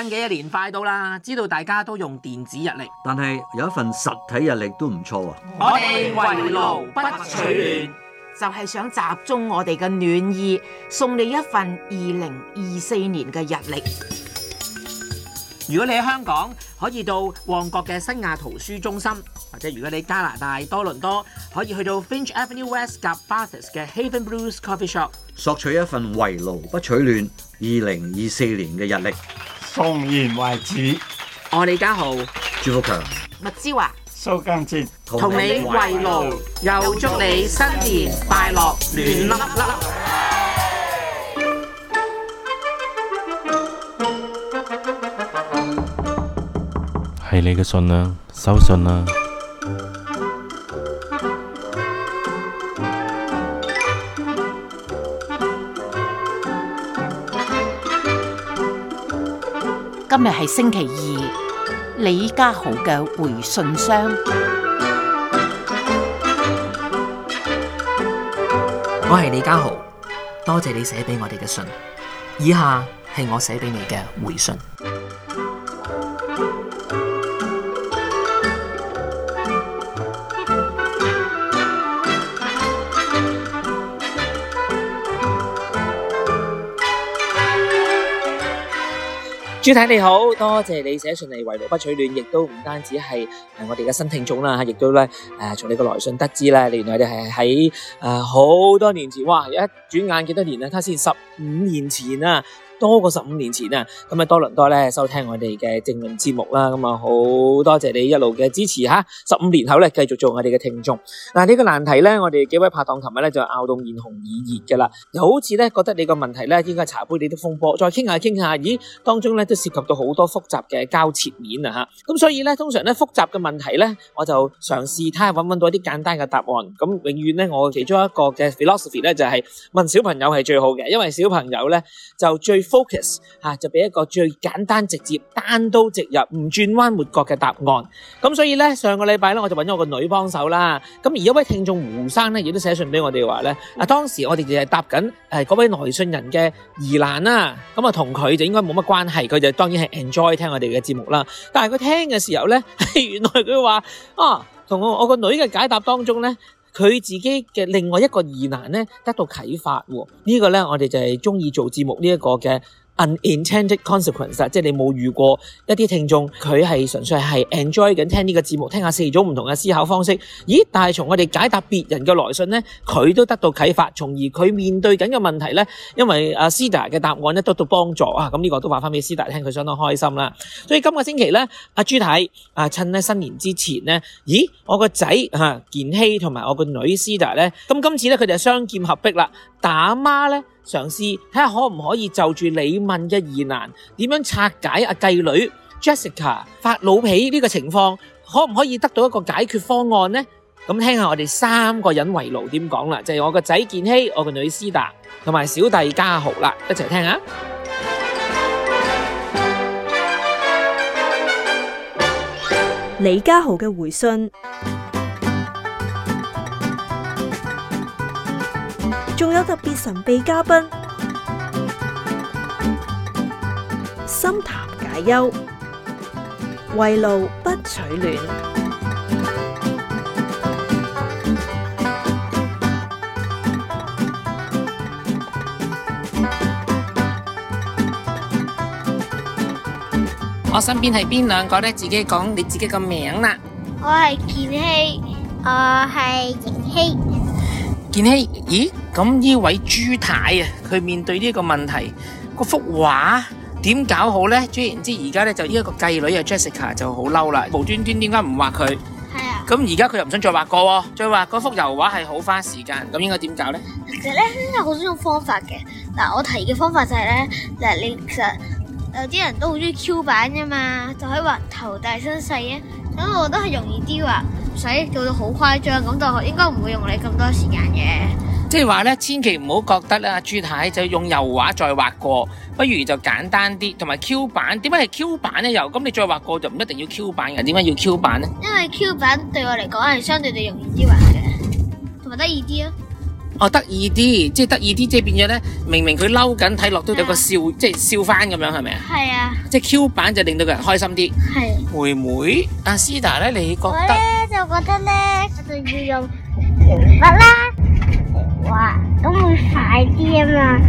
新嘅一年快到啦，知道大家都用電子日曆，但係有一份實體日曆都唔錯啊！我哋圍爐不取暖，就係想集中我哋嘅暖意，送你一份2024年嘅日曆。如果你喺香港，可以到旺角嘅新亞圖書中心，或者如果你加拿大多倫多，可以去到 Finch Avenue West 加 Bathurst 嘅 Haven Blues Coffee Shop，索取一份圍爐不取暖2024年嘅日曆。同言為止，我李家豪，朱福強，麥之華，蘇根杰，同你圍爐，又祝你新年快樂，暖粒粒。係你嘅信啊，收信啊！今日係星期二，李家豪嘅回信箱。我係李家豪，多謝你寫俾我哋嘅信。以下係我寫俾你嘅回信。朱太你好，多謝你寫信嚟，圍爐不取暖，亦都唔單止係誒我哋嘅新聽眾啦吓，亦都咧誒從你個來信得知啦，你原來你係喺誒好多年前，哇一轉眼幾多年啊，睇下先，十五年前啊。多過十五年前啊！咁喺多倫多咧收聽我哋嘅政論節目啦，咁啊好多謝你一路嘅支持嚇。十五年後咧繼續做我哋嘅聽眾。嗱、啊、呢、呢個難題咧，我哋幾位拍檔琴日咧就拗到面紅耳熱噶啦，又好似咧覺得你個問題咧應該茶杯你都風波，再傾下傾下，咦當中咧都涉及到好多複雜嘅交切面啊嚇！咁所以咧通常咧複雜嘅問題咧，我就嘗試睇下揾唔揾到一啲簡單嘅答案。咁永遠咧我其中一個嘅 philosophy 咧就係、是、問小朋友係最好嘅，因為小朋友咧就最 focus 嚇，就俾一個最簡單直接單刀直入唔轉彎抹角嘅答案。咁所以咧，上個禮拜咧我就揾咗我個女幫手啦。咁而一位聽眾胡生咧亦都寫信俾我哋話咧，啊當時我哋就係答緊誒嗰位來信人嘅疑難啦。咁啊同佢就應該冇乜關係，佢就當然係 enjoy 聽我哋嘅節目啦。但係佢聽嘅時候咧，原來佢話啊，同我我個女嘅解答當中咧。佢自己嘅另外一個疑難咧，得到啟發喎。這個、呢個咧，我哋就係中意做節目呢一個嘅。unintended consequence 啊，即係你冇遇過一啲聽眾，佢係純粹係 enjoy 緊聽呢個節目，聽下四種唔同嘅思考方式。咦，但係從我哋解答別人嘅來信咧，佢都得到啟發，從而佢面對緊嘅問題咧，因為阿 Stella 嘅答案咧得到幫助啊。咁呢個都話翻俾 Stella 聽，佢相當開心啦。所以今個星期咧，阿朱太啊，趁咧新年之前咧，咦，我個仔哈健希同埋我個女 Stella 咧，咁今次咧佢哋係雙劍合璧啦。打媽咧，嘗試睇下可唔可以就住你問嘅疑難，點樣拆解阿繼女 Jessica 發老脾呢個情況，可唔可以得到一個解決方案呢？咁聽下我哋三個人圍爐點講啦，就係、是、我個仔健熙、我個女思達同埋小弟家豪啦，一齊聽下李家豪嘅回信。仲有特別神秘嘉賓，心談解憂，圍爐不取暖。我身邊係邊兩個咧？自己講你自己個名啦。我係健熙，我係盈熙。健熙，咦？咁呢位朱太啊，佢面對呢個問題，嗰幅畫點搞好咧？即係唔知而家咧就，呢一個繼女啊 Jessica 就好嬲啦，無端端點解唔畫佢？係啊。咁而家佢又唔想再畫過，再畫嗰幅油畫係好花時間，咁應該點搞咧？其實咧，有好多種方法嘅。嗱，我提嘅方法就係咧，嗱，你其實有啲人都好中意 Q 版嘅嘛，就可以畫頭大身細啊，咁我覺得係容易啲畫，唔使做到好誇張，咁就應該唔會用你咁多時間嘅。即係話咧，千祈唔好覺得咧、啊，阿朱太太就用油畫再畫過，不如就簡單啲，同埋 Q 版。點解係 Q 版咧？又咁你再畫過就唔一定要 Q 版嘅，點解要 Q 版咧？因為 Q 版對我嚟講係相對地容易啲畫嘅，同埋得意啲咯。哦，得意啲，即係得意啲，即係變咗咧。明明佢嬲緊，睇落都有個笑，即係笑翻咁樣，係咪啊？係啊。即係 Q 版就令到個人開心啲。係、啊。妹妹阿思達咧，你覺得？我咧就覺得咧，我就要用油畫啦。媽媽話咁會快啲啊嘛，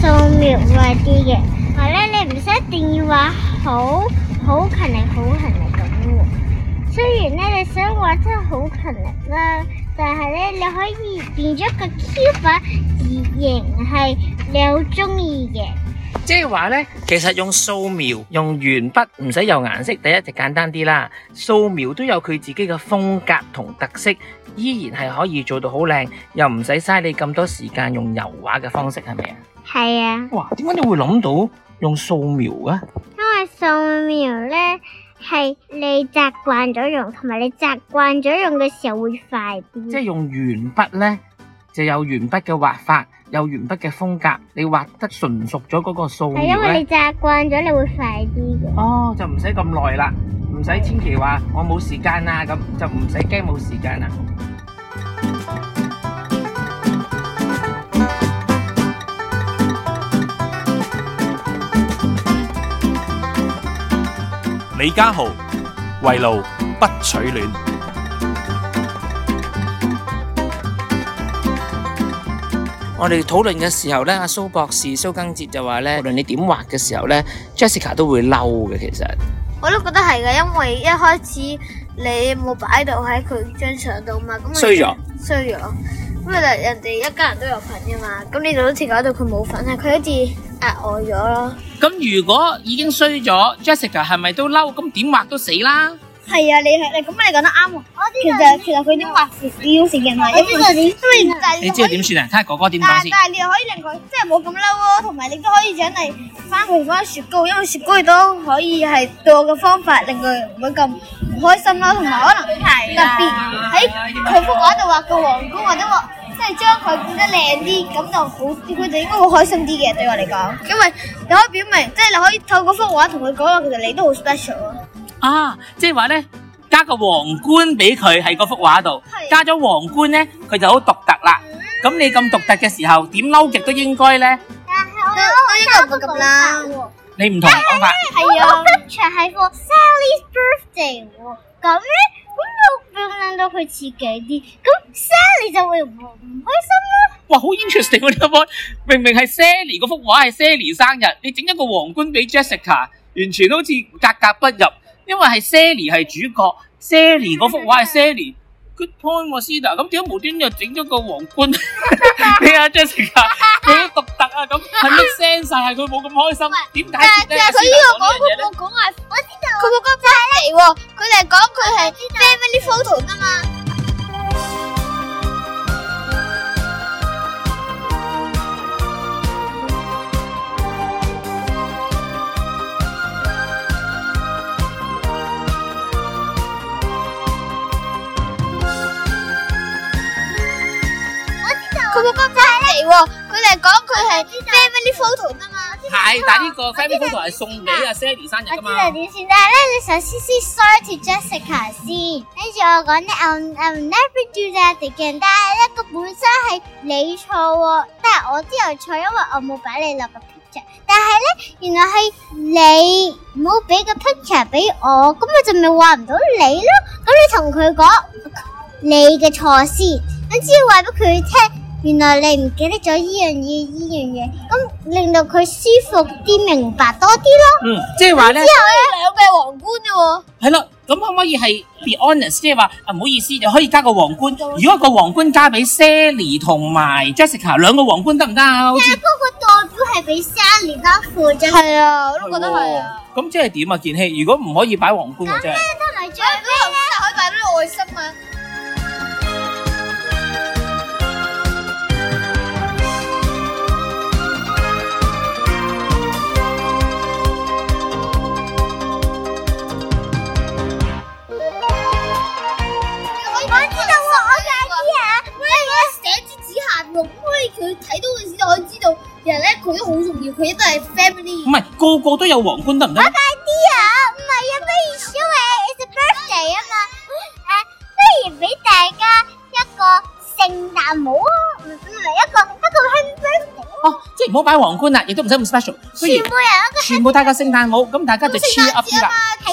掃描快啲嘅。話咧，你唔使一定要話好好勤力、好勤力咁。雖然咧你想話真係好勤力啦、啊，但係咧你可以變咗個 Q 版字型係你好中意嘅。即係話咧，其實用素描，用鉛筆唔使有顏色，第一就簡單啲啦。素描都有佢自己嘅風格同特色，依然係可以做到好靚，又唔使嘥你咁多時間用油畫嘅方式，係咪啊？係啊！哇，點解你會諗到用素描啊？因為素描咧係你習慣咗用，同埋你習慣咗用嘅時候會快啲。即係用鉛筆咧？就有鉛筆嘅畫法，有鉛筆嘅風格，你畫得純熟咗嗰個素描，係因為你習慣咗，你會快啲嘅。哦，就唔使咁耐啦，唔使千祈話我冇時間啊咁，就唔使驚冇時間啦。李家豪，圍爐不取暖。我哋討論嘅時候咧，阿蘇博士蘇更哲就話咧，無論你點畫嘅時候咧，Jessica 都會嬲嘅。其實我都覺得係嘅，因為一開始你冇擺到喺佢張相度嘛，咁衰咗衰咗。咁啊了，因為人哋一家人都有份噶嘛，咁你就好似搞到佢冇份，啊，佢好似壓我咗咯。咁如果已經衰咗，Jessica 係咪都嬲？咁點畫都死啦？係啊，你係你咁，你講得啱喎。其實其實佢啲畫事，呢種嘅，情係因為因為就你知點算啊？睇下哥哥點辦先。但係你又可以令佢即係冇咁嬲咯，同埋你都可以請嚟翻回翻雪糕，因為雪糕都可以係對我嘅方法令佢唔會咁唔開心咯，同埋可能係特別喺佢幅畫度畫個皇冠，或者我即係將佢變得靚啲，咁就好，佢哋應該會開心啲嘅對我嚟講。因為你可以表明，即係你可以透過幅畫同佢講話，其實你都好 special。啊，即係話咧，加個皇冠俾佢，喺嗰幅畫度的加咗皇冠咧，佢就好獨特啦。咁、嗯、你咁獨特嘅時候，點撈極都應該咧。但係我我應啦。你唔同嘅講法。係拍啊。長我完全係個 Sally's birthday，哦。咁咧咁我表諗到佢似己啲，咁 Sally 就會唔開心咯，啊。哇，好 interesting 嗰啲阿 b 明明係 Sally 嗰幅畫係 Sally 生日，你整一個皇冠俾 Jessica，完全好似格格不入。因為係 Sally 係主角，Sally 嗰幅畫係 Sally，Good point 我師弟，咁點解無端又整咗個皇冠？咩啊，Jessica，佢好獨特啊，咁係咪 sense？係佢冇咁開心？點解？佢實呢個講佢冇講係，我知道佢冇講產嚟喎，佢係講佢係 family photo 噶嘛。佢冇咁差地喎，佢就係講佢係 family photo 啫嘛。係，但係呢個 family photo 係送俾阿 Sandy 生日噶嘛。我知啊，點算？但係咧，你首先先 sorry to Jessica 先，跟住我講咧，I'll never do that again。但係咧，個本身係你錯，但係我都有錯，因為我冇擺你落個 picture。但係咧，原來係你冇俾個 picture 俾我，咁咪就咪話唔到你咯。咁你同佢講你嘅錯先，咁只要話俾佢聽。原來你唔記得咗依樣嘢，依樣嘢，咁令到佢舒服啲，明白多啲咯。嗯，即係話咧，後之後咧，兩個皇冠嘅喎。係咯，咁可唔可以係 be honest，即係話，啊唔好意思，你可以加個皇冠。如果個皇冠加俾 Sally 同埋 Jessica，兩個皇冠得唔得啊？但係嗰個代表係俾 Sally 嗰個啫。係啊，我都覺得係啊。咁即係點啊，建熙？如果唔可以擺皇冠嘅啫，可以擺啲愛心啊。佢都好重要，佢都係 family。唔係個個都有皇冠得唔得？我介啲啊，唔係不如小誒，係 birthday 啊嘛。不如俾大家一個聖誕帽啊，唔唔係一個一個勳章。哦，即係唔好擺皇冠啦，亦都唔使咁 special。全部人一個全部戴個聖誕帽，咁大家就 cheer up 啲啦。好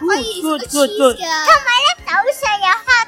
，good，good，good，同埋咧，寶石又黑。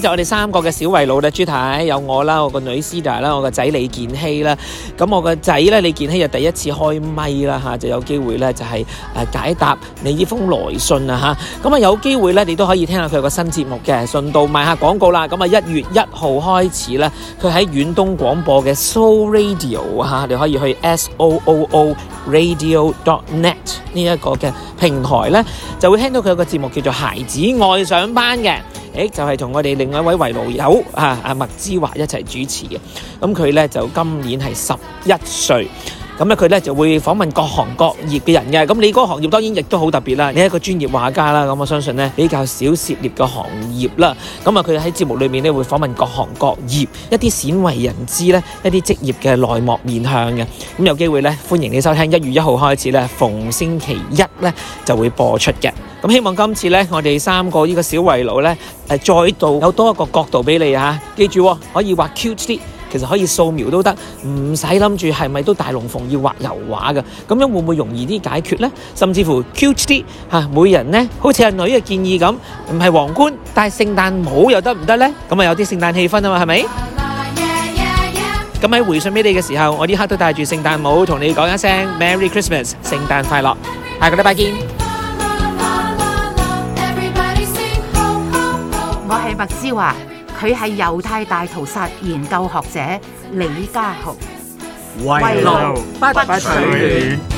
就我哋三個嘅小圍爐啦，朱太有我啦，我個女 s i 啦，我個仔李健熙啦。咁我個仔咧，李健熙就第一次開咪啦嚇，就有機會咧就係誒解答你呢封來信啊嚇。咁啊，有機會咧，你都可以聽下佢個新節目嘅，順道賣下廣告啦。咁啊，一月一號開始咧，佢喺遠東廣播嘅 Soo Radio 啊，你可以去 S O O O Radio dot net 呢一個嘅平台咧，就會聽到佢有個節目叫做《孩子愛上班》嘅。誒、哎、就係、是、同我哋另外一位圍爐友啊啊，麥之華一齊主持嘅。咁佢呢就今年係十一歲，咁呢佢呢就會訪問各行各業嘅人嘅，咁你嗰個行業當然亦都好特別啦，你係一個專業畫家啦，咁我相信呢，比較少涉獵嘅行業啦，咁啊佢喺節目裏面呢會訪問各行各業一啲鮮為人知呢一啲職業嘅內幕面向嘅，咁有機會呢，歡迎你收聽，一月一號開始呢，逢星期一呢就會播出嘅。希望今次呢，我哋三個依個小圍爐呢，誒，再度有多一個角度俾你嚇。記住，可以畫 cute 啲，其實可以素描都得，唔使諗住係咪都大龍鳳要畫油畫嘅。咁樣會唔會容易啲解決呢？甚至乎 cute 啲嚇，每人呢好似阿女嘅建議咁，唔係皇冠，但係聖誕帽又得唔得呢？咁啊，有啲聖誕氣氛啊嘛，係咪？咁喺回信俾你嘅時候，我呢刻都戴住聖誕帽同你講一聲 Merry Christmas，聖誕快樂，下個禮拜見。我係麥思華，佢係猶太大屠殺研究學者李家豪，為路不取。